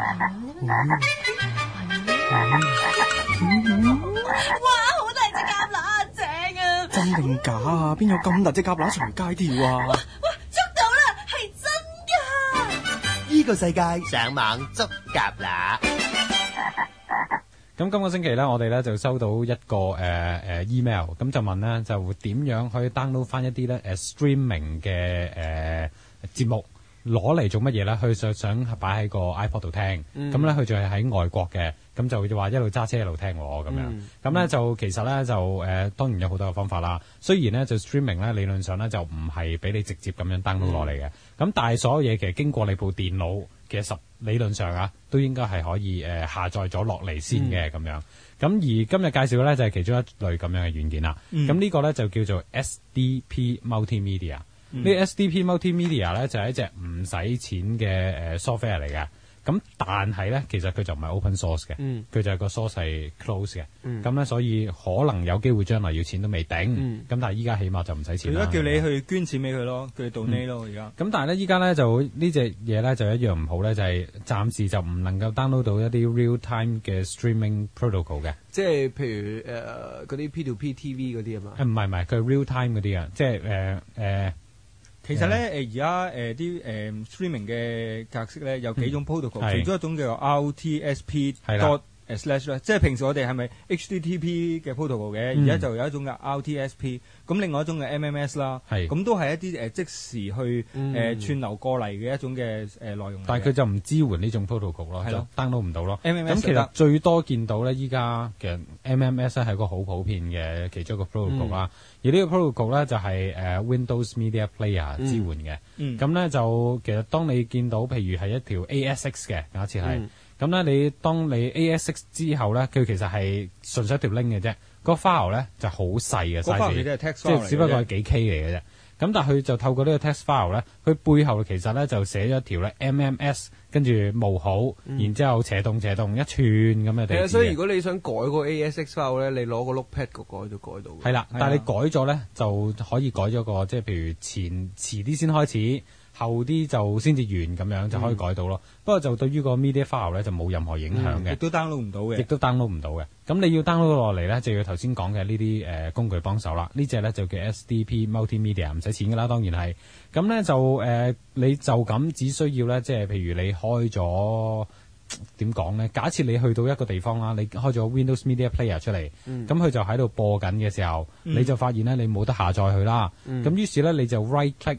哇！好大隻蛤乸啊，正啊！真定假啊？邊有咁大隻蛤乸從街跳啊？哇！捉到啦，係真噶！呢個世界上網捉蛤乸。咁今個星期咧，我哋咧就收到一個誒誒 email，咁就問咧就點樣可以 download 翻一啲咧誒 streaming 嘅誒節目。攞嚟做乜嘢咧？佢想擺喺個 iPod 度聽，咁咧佢就係喺外國嘅，咁就話一路揸車一路聽我咁、嗯、樣。咁咧就其實咧就誒、呃，當然有好多嘅方法啦。雖然咧就 streaming 咧理論上咧就唔係俾你直接咁樣 download 落嚟嘅，咁、嗯、但係所有嘢其實經過你部電腦，其實理論上啊都應該係可以誒、呃、下載咗落嚟先嘅咁樣。咁而今日介紹咧就係、是、其中一類咁樣嘅軟件啦。咁、嗯、呢個咧就叫做 SDP Multimedia。S 嗯、 S 呢 S D P multimedia 咧就係、是、一隻唔使錢嘅誒 software 嚟嘅，咁、呃、但係咧其實佢就唔係 open source 嘅，佢、嗯、就係個 source 係 close 嘅，咁咧、嗯、所以可能有機會將來要錢都未定，咁、嗯、但係依家起碼就唔使錢。如果叫你去捐錢俾佢咯，叫你 donate 咯而家。咁、嗯在嗯、但係咧依家咧就、這個、呢隻嘢咧就一樣唔好咧，就係、是、暫時就唔能夠 download 到一啲 real time 嘅 streaming protocol 嘅、呃啊。即係譬如誒嗰啲 P2P TV 嗰啲啊嘛。唔係唔係，佢係 real time 嗰啲啊，即係誒誒。其實咧，誒、呃、而家誒啲誒、呃呃、streaming 嘅格式咧，有幾種 protocol，其中、嗯、一種叫做 RTSP。係啦 slash, 即係平時我哋係咪 HTTP 嘅 protocol 嘅、嗯？而家就有一種嘅 RTSP，咁另外一種嘅 MMS 啦，咁都係一啲誒即時去誒、嗯呃、串流過嚟嘅一種嘅誒、呃、內容。但係佢就唔支援呢種 protocol 咯的，就 download 唔到咯。MMS 其實最多見到咧，依家其實 MMS 咧係個好普遍嘅其中一個 protocol 啦、嗯。而呢個 protocol 咧就係誒 Windows Media Player 支援嘅。咁咧、嗯嗯、就其實當你見到譬如係一條 ASX 嘅，假設係。嗯咁咧，你當你 ASX 之後咧，佢其實係純粹一條 link 嘅啫，那個，呢個 file 咧就好細嘅，細 size 即係只不過係幾 K 嚟嘅啫。咁已但係佢就透過呢個 text file 咧，佢背後其實咧就寫咗一條咧 MMS，跟住冒號，MS, 好嗯、然之後扯動扯動一串咁嘅嘢。嗯、地所以如果你想改個 ASX file 咧，你攞個 Notepad 個改就改，改到。係啦的，的但係你改咗咧就可以改咗個，即係譬如前遲啲先開始。後啲就先至完，咁樣就可以改到咯。嗯、不過就對於個 media file 咧就冇任何影響嘅，亦都 download 唔到嘅，亦都 download 唔到嘅。咁你要 download 落嚟咧，就要頭先講嘅呢啲誒工具幫手啦。呢隻咧就叫 SDP Multimedia，唔使錢㗎啦，當然係。咁咧就誒、呃，你就咁只需要咧，即係譬如你開咗點講咧？假設你去到一個地方啦，你開咗 Windows Media Player 出嚟，咁佢、嗯、就喺度播緊嘅時候，你就發現咧你冇得下載佢啦。咁、嗯、於是咧你就 right click。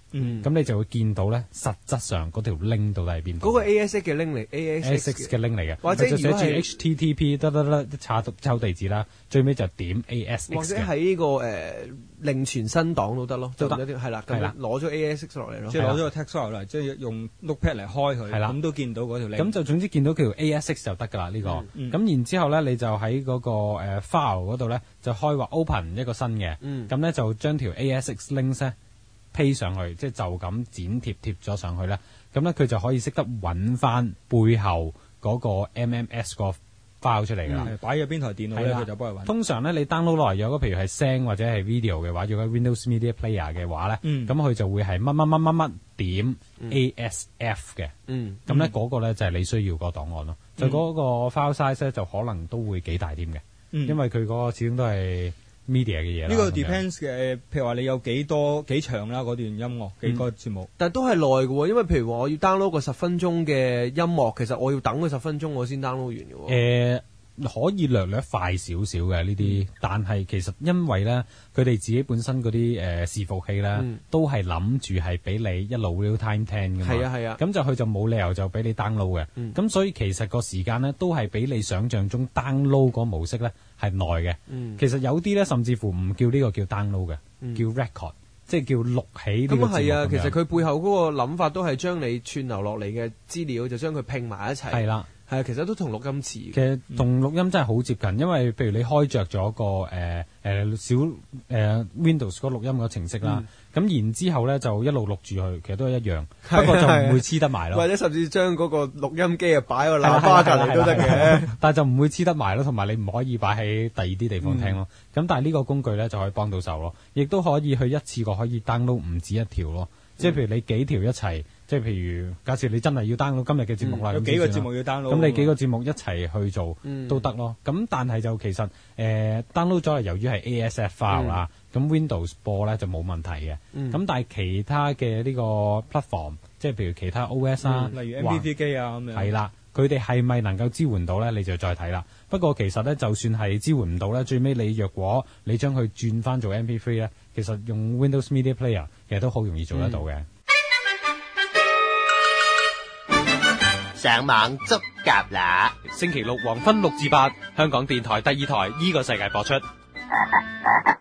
咁你就會見到咧，實質上嗰條 link 到底喺邊？嗰個 A S X 嘅 link 嚟，A S X 嘅 link 嚟嘅，或者寫住 H T T P 得得得，查到抄地址啦，最尾就點 A S X 或者喺呢個誒另存新檔都得咯，就得係啦，攞咗 A S X 落嚟咯，即係攞咗個 text file 嚟，即係用 note pad 嚟開佢，咁都見到嗰條 link。咁就總之見到條 A S X 就得噶啦，呢個咁然之後咧，你就喺嗰個 file 嗰度咧，就開話 open 一個新嘅，咁咧就將條 A S X link 披上去，即係就咁、是、剪貼貼咗上去咧，咁咧佢就可以識得揾翻背後嗰個 MMS 個 file 出嚟啦、嗯。擺咗邊台電腦咧，佢的就幫你揾。通常咧，你 download 落嚟有個譬如係聲或者係 video 嘅話，如果 Windows Media Player 嘅話咧，咁佢、嗯、就會係乜乜乜乜乜點 ASF 嘅。咁咧嗰個咧就係你需要個檔案咯。嗯、就嗰個 file size 咧就可能都會幾大啲嘅，嗯、因為佢嗰個始終都係。media 嘅嘢啦，呢個 depends 嘅，呃、譬如話你有幾多幾長啦嗰段音樂，幾個節目，嗯、但都係耐嘅喎，因為譬如話我要 download 個十分鐘嘅音樂，其實我要等佢十分鐘我先 download 完嘅喎。呃可以略略快少少嘅呢啲，但係其實因為咧，佢哋自己本身嗰啲誒伺服器咧，嗯、都係諗住係俾你一路 real time 聽嘅嘛。係啊係啊，咁、啊、就佢就冇理由就俾你 download 嘅。咁、嗯嗯、所以其實個時間咧，都係比你想象中 download 嗰模式咧係耐嘅。的嗯、其實有啲咧，甚至乎唔叫呢個叫 download 嘅，嗯、叫 record，即係叫錄起啲資料啊。嗯、樣其實佢背後嗰個諗法都係將你串流落嚟嘅資料就將佢拼埋一齊，係啦、啊。係，其實都同錄音似嘅，同錄音真係好接近，因為譬如你開着咗個誒誒小誒 Windows 嗰錄音嗰程式啦，咁然之後咧就一路錄住佢，其實都係一樣，不過就唔會黐得埋咯。或者甚至將嗰個錄音機啊擺個喇叭隔籬都得嘅，但係就唔會黐得埋咯，同埋你唔可以擺喺第二啲地方聽咯。咁但係呢個工具咧就可以幫到手咯，亦都可以去一次過可以 download 唔止一條咯，即係譬如你幾條一齊。即係譬如，假設你真係要 download 今日嘅節目啦、嗯，有幾個節目要 download，咁你幾個節目一齊去做都得咯、嗯。咁但係就其實、呃、download 咗由於係 A S F file S、嗯、 啦，咁 Windows 播咧就冇問題嘅。咁、嗯、但係其他嘅呢個 platform，即係譬如其他 O、啊、S 啊、嗯，例如 M P three 啊咁樣，係啦，佢哋係咪能夠支援到咧？你就再睇啦。不過其實咧，就算係支援唔到咧，最尾你若果你將佢轉翻做 M P three 咧，其實用 Windows Media Player 其實都好容易做得到嘅。嗯。上猛足夾啦！星期六黃昏六至八，香港電台第二台依、這個世界播出。